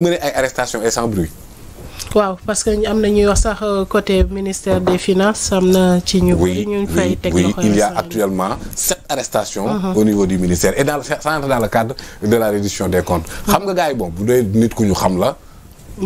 mën ay arrestation et sans bruit. waaw parce que am na ñuy wax sax euh, côté ministère des finances am na ci ñu. oui ñu fay teg oui il y actuellement sept arrestations. Mhm. au niveau du ministère et dans ça entre dans le cadre de la reddition des comptes. Mhm. xam nga gars yi bon bu dee nit ku ñu xam la.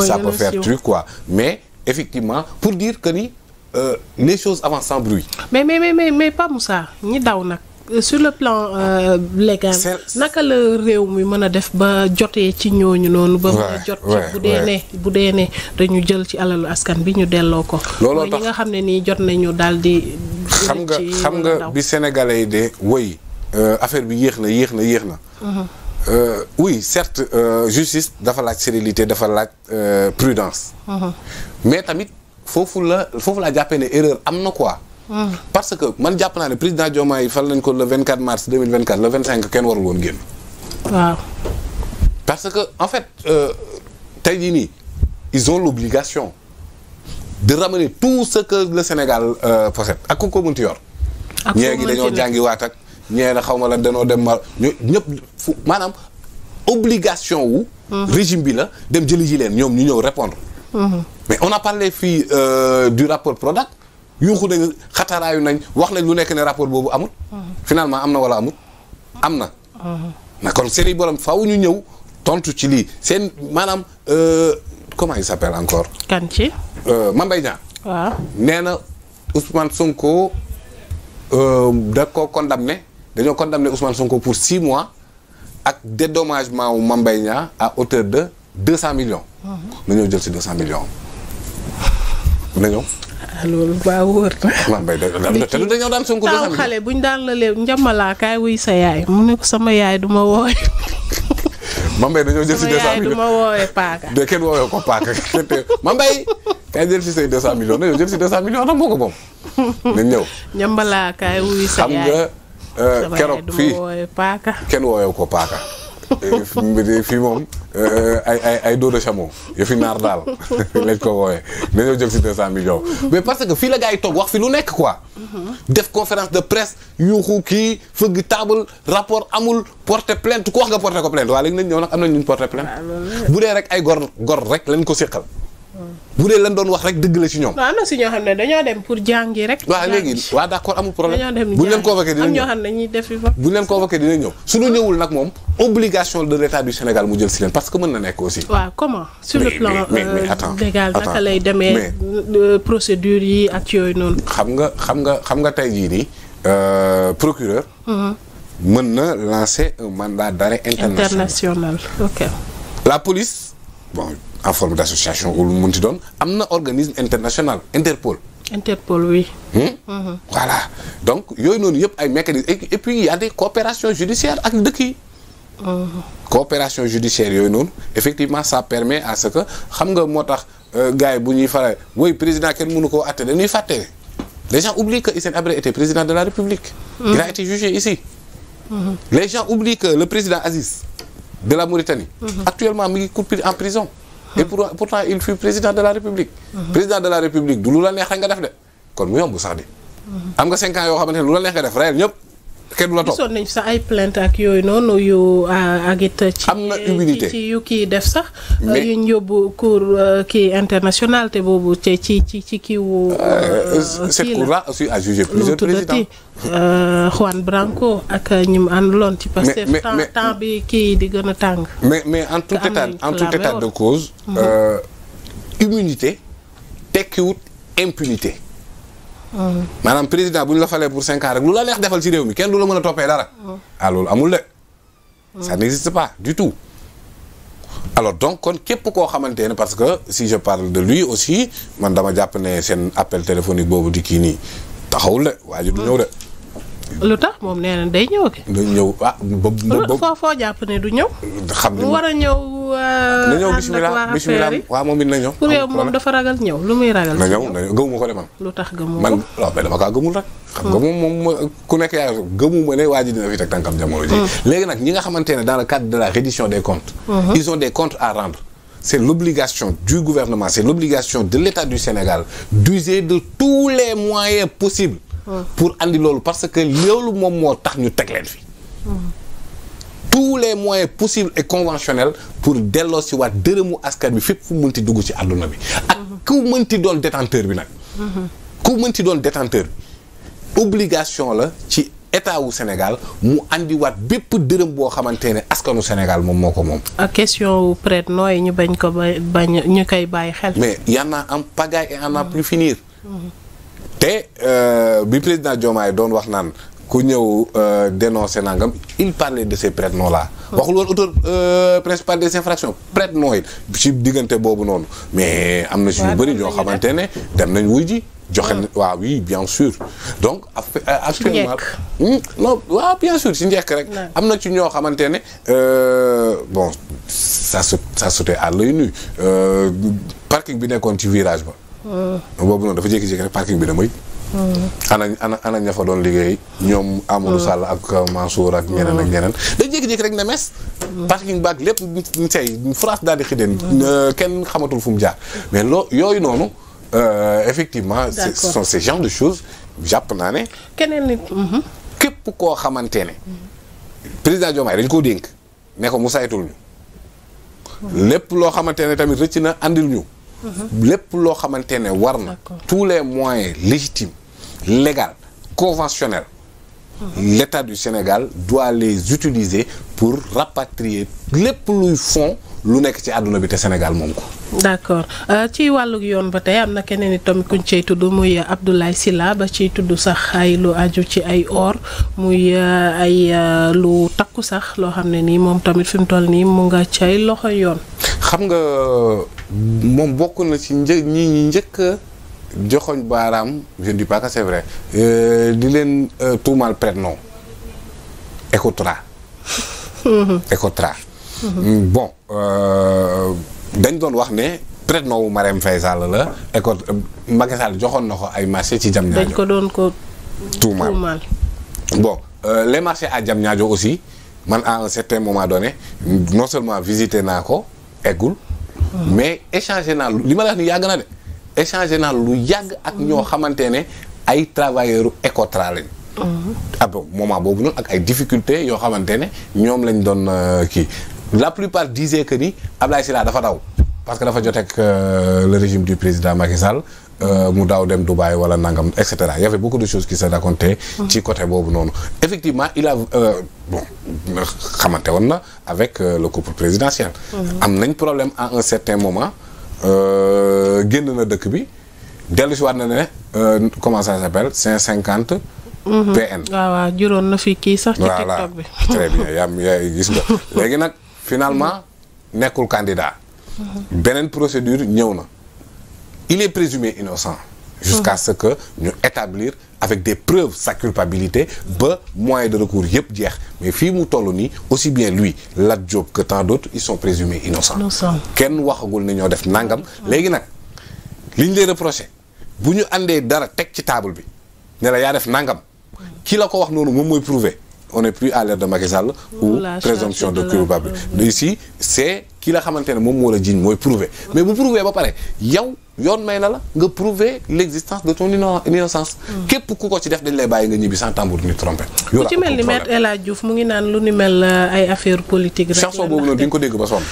ça peut faire truc quoi mais effectivement pour dire que ni euh, les choses avancent sans bruit. mais mais mais mais Pape ñi daw nag. Euh, sur le plan euh, légal naka la réew mi mën a def ba jotee ci ñooñu noonu. ba mën a jot bu dee ne bu dee dañu jël ci alalu askan bi ñu delloo ko. looloo tax ñi nga xam ne nii jot nañu daal di. xam nga xam nga bi sénégalais yi de woy euh, affaire bi yéex na yéex na yéex na. Mhm. Euh, oui certes euh, justice dafa laaj sérénité dafa laaj euh, prudence. Mhm. mais tamit foofu la foofu laa jàppee ne erreur am na quoi. Ah. parce que man jàpp naa ne président Diomaye fal nañ ko le 24 mars 2024 le kenn warul génn. waaw. parce que en fait euh, tey jii nii ils ont l'obligation de ramener tout ce que le Sénégal euh, possède ak ku ko mënti yor. ak ñee dañoo jàngi waat ak ñee na xaw ma la dañoo dem ma ñëpp fu maanaam obligation wu. Mm-hmm. régime bi la dem jëli ji leen ñoom ñu ñëw répondre mm-hmm. mais on a parlé fii euh, du rapport Prodac. yuuxu nañ xataraayu nañ wax nañ lu nekk ne rapport boobu amul. finalement am na wala amul. am na. na kon seen i faw faaw ñu ñëw tontu ci lii seen maanaam euh, comment il s'appelle encore. kan ci. Euh, Mame Mbaye Niang. na Ousmane Sonko euh, da ko condamné dañoo condamné Ousmane Sonko pour six mois ak dédommagement wu Mame Mbaye Niang à hauteur de deux cent millions. Mhm. na ñëw jël si deux cent millions na ñëw. Ah, loolu baa wóor na. man bay te lu dañoo daan Sonko doo xam ne xale buñ la leen njamalaa wuy sa yaay mu ne sama yaay du ma wooye. Mame Mbaye dañoo jël si 200 millions ko paaka Mame Mbaye kaay say 200 millions na yow jël si 200 millions ndax ko moom. nañ ñëw ñambalaa kaay wuy sa yaay. xam nga keroog fii kenn woowee ko paaka. Eh, fii moom eh, ay ay ay dos de chameau naar daal lañ ko wooyee dañoo jóg si deux cent millions mm-hmm. mais parce que fii la gars yi toog wax fi lu nekk quoi mm-hmm. def conférence de presse yuuxu kii fëgg table rapport amul porter plainte ku wax nga porter ko plainte waaw léegi nañ ñëw nag am na ñu porter plainte bu dee rek ay gor gor rek lañ ko séqal bu dee lan doon wax rek dëgg la ci ñoom. waaw am na si ñoo xam ne dañoo dem pour jàngi rek. waaw léegi waaw d'accord amul problème dañoo dem buñ leen convoqué dina ñëw am ñoo xam ñëwul nag moom obligation de l'état du Sénégal mu jël si leen parce que mën na nekk aussi. waaw comment sur le plan euh, légal naka lay demee euh, procédure yi ak yooyu noonu. xam nga xam nga xam nga tey jii nii euh, procureur. Mhm. mën na lancer un mandat d'arrêt international. international ok. la police bon. en forme d' association ou lu mu munti doon am na organisme international Interpol. Interpol oui. Hmm? Mhm. voilà donc yooyu noonu yëpp ay mécanismes et puis y a des coopérations ak dëkk yi. Mhm. coopération judiciaire yooyu noonu effectivement ça permet à ce que xam nga moo tax euh, gars yi bu ñuy faral woy président kenn mënu koo atte dañuy fàtte. les gens oublient que Hissène Habré était président de la République. Mhm. il a été jugé ici. les gens oublient que le président Aziz de la et pour pourtant il fut président de la république. président de la république du lu la neex rek nga def de kon mu yomb sax di. am nga cinq ans yoo xamante ne lu la neex nga def reyal ñëpp. kenn du la nañ sax ay plainte ak yooyu noonu yu euh, ak it. ci am na yu kii def sax. Euh, mais yu yóbbu cour euh, kii international te boobu ci ci ci kii wu. cette cour là aussi a jugé plusieurs présidents Juan Branco ak ñi mu àndaloon ci. parce que temps temps bi kii di gën a tàng. mais mais en tout état en tout état de cause. Mhm. immunité tekkiwut impunité. maanaam président bu ñu la falee pour cinq ans rek lu la neex defal ci réew mi kenn du la mën a toppee dara. Oh. ah loolu amul de. ça n'existe pas du tout. alors donc kon képp koo xamante ne parce que si je parle de lui aussi man dama jàpp ne seen appel téléphonique boobu di kii nii taxawul de waajur du ñëw de. lu tax moom nee na day ñëw ke day ñëw ah ba foo foo jàpp ne du ñëw. xam nga mu war a ñëw. na ñëw bisimilah euh, bisimilah waaw moom it na ñëw. pour moom dafa ragal ñëw lu muy ragal. ñëw gëmuma ko de lu tax gëmuma ko man waaw mais xam nga moom moom ku nekk yaa gëmuma ne waa mm. léegi nag ñi nga xamante ne dans le cadre de la reddition des comptes. Mm-hmm. ils ont des comptes à rendre. c'est l'obligation du gouvernement, c'est l'obligation de l'État du Sénégal d'user de tous les moyens possibles pour indi loolu parce que loolu moom moo tax ñu teg leen fi. tous les moyens possibles et conventionnel pour delloo si waat dërëmu askan bi fépp fu mënti dugg ci àdduna bi. ak ku mënti doon détenteur bi nag. ku mënti doon détenteur bi obligation la ci état wu Sénégal mu andiwaat bépp dërëm boo xamante ne askanu Sénégal moom moo ko moom. Ah, question wu prêt nooy ñu bañ ko bañ ñu koy bàyyi xel. mais y en a en et en a plus finir. te euh, bi président Diomaye doon wax naan ku ñëw euh, dénoncer nangam il parlait de ces prête-noms là. waxul woon auteur euh, principal des infractions prête-noms ci diggante boobu noonu mais am na ci ñu bëri ñoo xamante ne dem nañ wuy ji. joxe waaw oui bien sûr donc. actuellement hmm, non waaw bien sûr si njëkk rek. am na ci ñoo xamante ne bon ça sa ça sautait à l'œil parking bi nekkoon ci virage ba. Euh. boobu noonu dafa jékki-jékki rek parking bi dama hmm. yëg. ana ana ña fa doon liggéey. ñoom Amadou hmm. Sall ak euh, Mansour ak ñeneen ak hmm. ñeneen. day jékki-jékki rek ne mes. parking baag lépp ñu tey France fu mu jaar. mais loo yooyu noonu. Euh, effectivement ce sont de choses jàpp naa ne. keneen nit. Mm-hmm. képp koo xamante ne. président Diomaye dañ koo dénk. ne ko mu saytul ñu. lépp loo xamante ne tamit rëcc na andil ñu. lépp loo xamante ne war na tous les moyens légitimes légaux conventionnels l'État du Sénégal doit les utiliser pour rapatrier lépp luy fonds lu nekk ci àdduna bi te Sénégal moom ko. d' euh, ci wàllug yoon ba tey am na keneen itam kuñ cay tudd muy Abdoulaye Sylla ba ciy tudd sax ay lu aju ci ay or muy euh, ay euh, lu takku sax loo xam ne nii moom tamit fi mu toll nii mu nga cay loxo yoon. xam nga moom bokk na ci një ñi njëkk joxoñ baaraam je ne dis pas que c'est vrai euh, di leen euh, tuumaal prête-nom Ecotra Ecotra mhm. bon euh, dañ doon wax ne prête-nom wu Marème Faye la éco Macky Sall joxoon na ko ay marché ci jam dañ ko doon ko tuumaal bon marché marchés à Diamniadio aussi man en un certain moment donné non seulement visité naa ko eggul mais échangé naa li ma la ni yàgg na de échangé naa lu yàgg ak ñoo xamante ne ay travailleur Ecotra lañ mhm. ah bon moment boobu noonu ak ay difficultés yoo xamante ne ñoom lañ doon euh, kii la plupart disaient que ni Ablaye Sylla dafa daw parce que dafa joteeg euh, le régime du président Macky Sall euh, mu daaw dem Dubaï wala nangam et cetera y avait beaucoup de choses qui se racontaient mhm. ci côté boobu noonu effectivement il a bon xamante woon na avec euh, le couple présidentiel. Mhm. am nañ problème à un certain moment euh, génn na dëkk bi dellu si na ne euh, comment ça s'appelle cinq cinquante. Mhm. PN waaw waaw juróon na fi kii sax. ci TikTok bi très bien yaa yaa gis léegi nag finalement nekkul candidat. Mhm. beneen procédure ñëw na. il est présumé innocent. jusqu'à ce que ñu établir avec des preuves sa culpabilité ba moyen de recours yëpp jeex mais fii mu toll nii aussi bien lui Lat Diop que tant d'autres ils sont présumés innocents kenn waxagul ne ñoo def nangam léegi nag liñ ñu lay reproché bu ñu àndee dara teg ci table bi ne la yaa def nangam ki la ko wax noonu moom mooy prouver on ne plus à l'ère de Macky Sall ou présomption de culpabilité ici c'est ki la xamante ne moom moo la jiiñ mooy prouver mais bu prouver ba pare yow yoon may na la nga prouver l'existence de ton innocence képp ku ko ci def dañ lay bàyyi nga ñibbi sans tambour ni trompette ku ci mel ni maître El Hadj Diouf mu ngi naan lu ni euh, ay affaire politique rek chanson boobu noonu di nga ko dégg ba sonn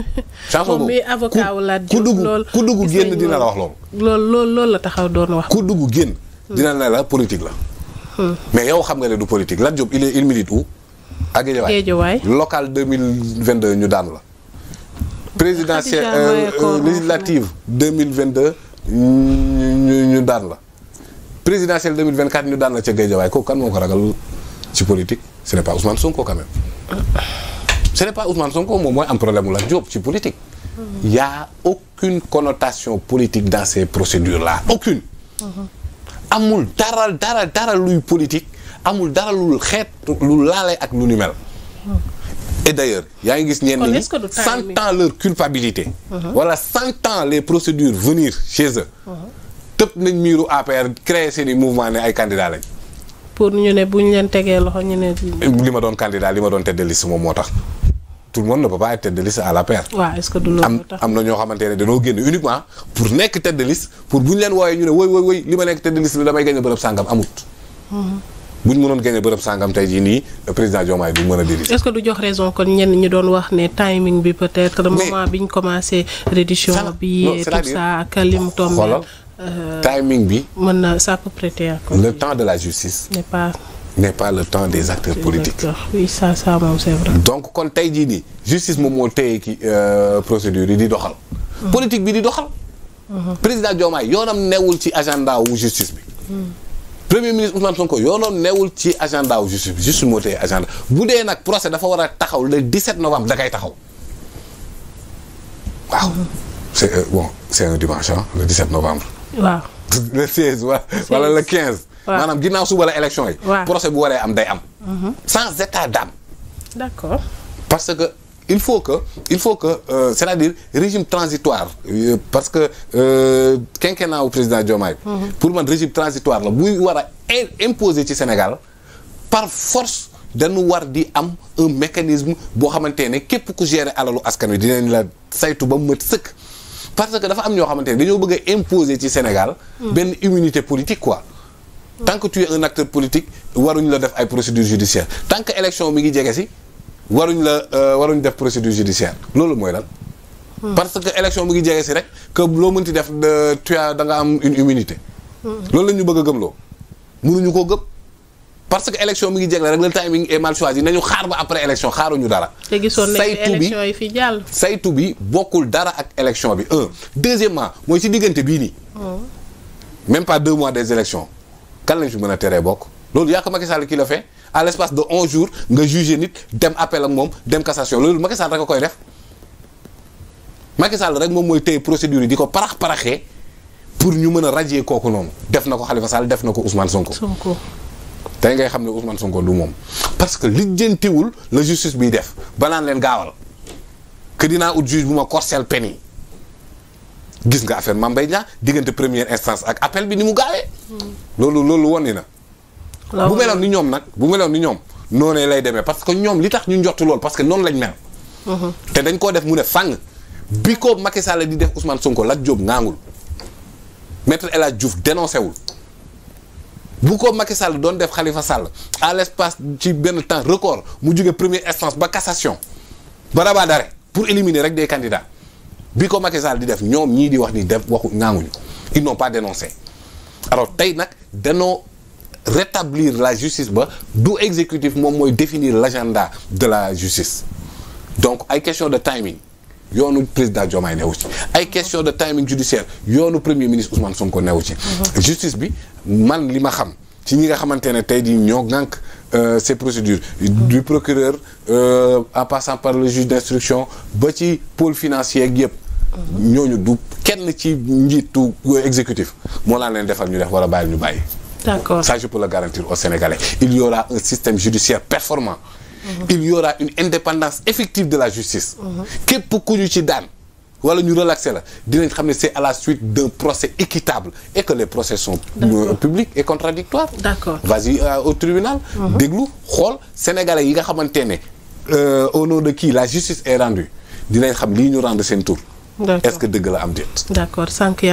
chanson boobu avocat wu Lat Diouf loolu ku dugg génn dina la wax loolu loolu loolu loolu la taxaw doon wax ku dugg génn hmm. dina la la politique la hmm. mais yow xam nga ne du politique Lat Diouf il est il milite où ak Guédiawaye ñu daan la présidentielle euh, euh, législative 2022 ñu ñu daan la présidentielle 2024 ñu daan la ca Guédiawaye kooku kan moo ko ragal ci politique ce n'est pas Ousmane Sonko quand même ce n'est pas Ousmane Sonko moom mooy am problème mu la Diop ci politique il mm-hmm. y aucune connotation politique dans ces procédures là aucune mm-hmm. amul dara dara dara luy politique amul dara lu xeet lu laale ak lu ni mel et d'ailleurs yaa ngi gis ñenn ñi sentant leur culpabilité uh-huh. voilà sentant les procédures venir chez eux uh-huh. tëpp nañ miiru APR créer seen i mouvement ne ay candidat lañ pour ñu ne bu ñu leen tegee loxo ñu ne li ma doon candidat li ma doon tête de liste moom moo tax tout le monde ne peut pas à l'APR waaw am na ñoo xamante ne dañoo génn uniquement pour nekk tête de liste pour bu leen wooyee ñu ne woy woy woy li ma nekk tête la damay gagné bërëb sàngam bu ñu mënoon gagné bërëb sangam tey jii nii président Diomaye du mën a diriger. est-ce que du jox raison kon ñenn ñi doon wax ne timing bi peut-être. le moment bi ñu commencé. réduction bi tout ça ak li euh, timing bi. mën na ça peut prêter à le temps de la justice. n'est pas. n'est pas le temps des acteurs politiques. oui ça ça donc kon tey jii nii justice moom moo téye ki euh, procédure yi di doxal. Hmm. politique bi di doxal. Hmm. président Diomaye yoonam newul ci agenda wu justice bi. Hmm. premier ministre Ousmane Sonko yoonoon newul ci agenda wu justice bi justice agenda bu dee nag procès dafa war a taxaw le 17 novembre da kay taxaw waaw. c'est euh, bon c'est un dimanche hein, le 17 novembre. waaw le 16 wala maanaam ginnaaw suba la élection yi. procès bu waree am day am. Mhm. sans état d'âme. parce que. il faut que il faut que euh, c'est-à-dire régime transitoire euh, parce que euh, quinquennat au président Diomaye mhm. pour man régime transitoire la buy war imposé imposer ci Sénégal par force dañu war di am un mécanisme boo xamante ne képp ku gérer alalu askan wi dinañ la saytu ba mu mat sëkk parce que dafa am ñoo xamante ne dañoo bëgg imposé imposer ci Sénégal mhm. benn immunité politique quoi mhm. tant que tu es un acteur politique waruñu la def ay procédures judiciaires tant que élection mi ngi jege si waruñ la euh, waruñ def procédure judiciaire loolu mooy lan. Hmm. parce que élection mu ngi jege si rek que loo mënti def tu as da nga am une immunité. Hmm. loolu la ñu bëgg gëm loo mënuñu koo gëm. parce que élection mi ngi jegle rek le timing est mal choisi nañu xaar ba après élection xaaruñu dara. te gisoon nañu élection yi fi jàll saytu bi bokkul dara ak élection bi un. deuxièmement mooy si diggante bii nii. Hmm. même par deux mois des élections kan lañ fi mën a teree bokk. loolu yaa ko Macky Sall kii à l'espace de on jour nga jugé nit dem appel ak moom dem cassation loolu Macky Sall rek a def Macky rek moom mooy téye procédure yi di ko parax paraxee pour ñu mën a rajee kooku noonu def na ko Khalifa Sall def na ko Ousmane Sonko. Sonko. tey ngay xam ne Ousmane Sonko du moom parce que lijjantiwul la justice biy def balaan leen gaawal que dinaa ut juge bu ma korseel pen yi gis nga affaire Mame mbay Niang diggante première instance ak appel bi ni mu gaawee. Hmm. loolu loolu wonni na. bu meloon ni ñoom nag bu meloon ni ñoom noonee lay demee parce que ñoom li tax ñu njortu lool parce que noonu lañ mel. Uh-huh. te dañ koo def mu ne fàng bi ko Macky Sall di def Ousmane Sonko Lat Diop ngaangul maître El Hadj Diouf dénoncé wul bu ko Macky Sall doon def Khalifa Sall à l'espace ci benn temps record mu jóge premier instance ba cassation ba rabat d'arrêt pour éliminer rek des candidats bi ko Macky di def ñoom ñii di wax ni def waxu ngaanguñu ils n'ont pas dénoncé rétablir la justice ba du exécutif moom mooy définir l'agenda de la justice donc ay question de timing yoonu président Diomaye newu ci ay question de timing judiciaire yoonu premier ministre Ousmane Sonko newu ci mhm. justice bi man li ma xam ci ñi nga xamante ne tey jii ñoo ŋànk euh, ces procédures mhm. du procureur euh, en passant par le juge d'instruction ba ci pôle financier ak yëpp mhm. ñooñu du kenn ci njiitu euh, exécutif moo laa leen defal ñu def wala bàyyi ñu bàyyi D'accord. Ça, je peux le garantir aux Sénégalais. Il y un système judiciaire performant. Mhm. Il y une indépendance effective de la justice. Mhm. képp ku ñu ci daan wala ñu relaxé la dinañ xam ne c'est à la suite d'un procès équitable et que les procès sont euh, publics et contradictoires d'accord vas euh, au tribunal mhm. déglu xool sénégalais yi nga xamante euh, au nom de qui la justice est rendue dinañ xam lii ñu rendre seen tour est-ce que dëgg la am déet d'accord sànq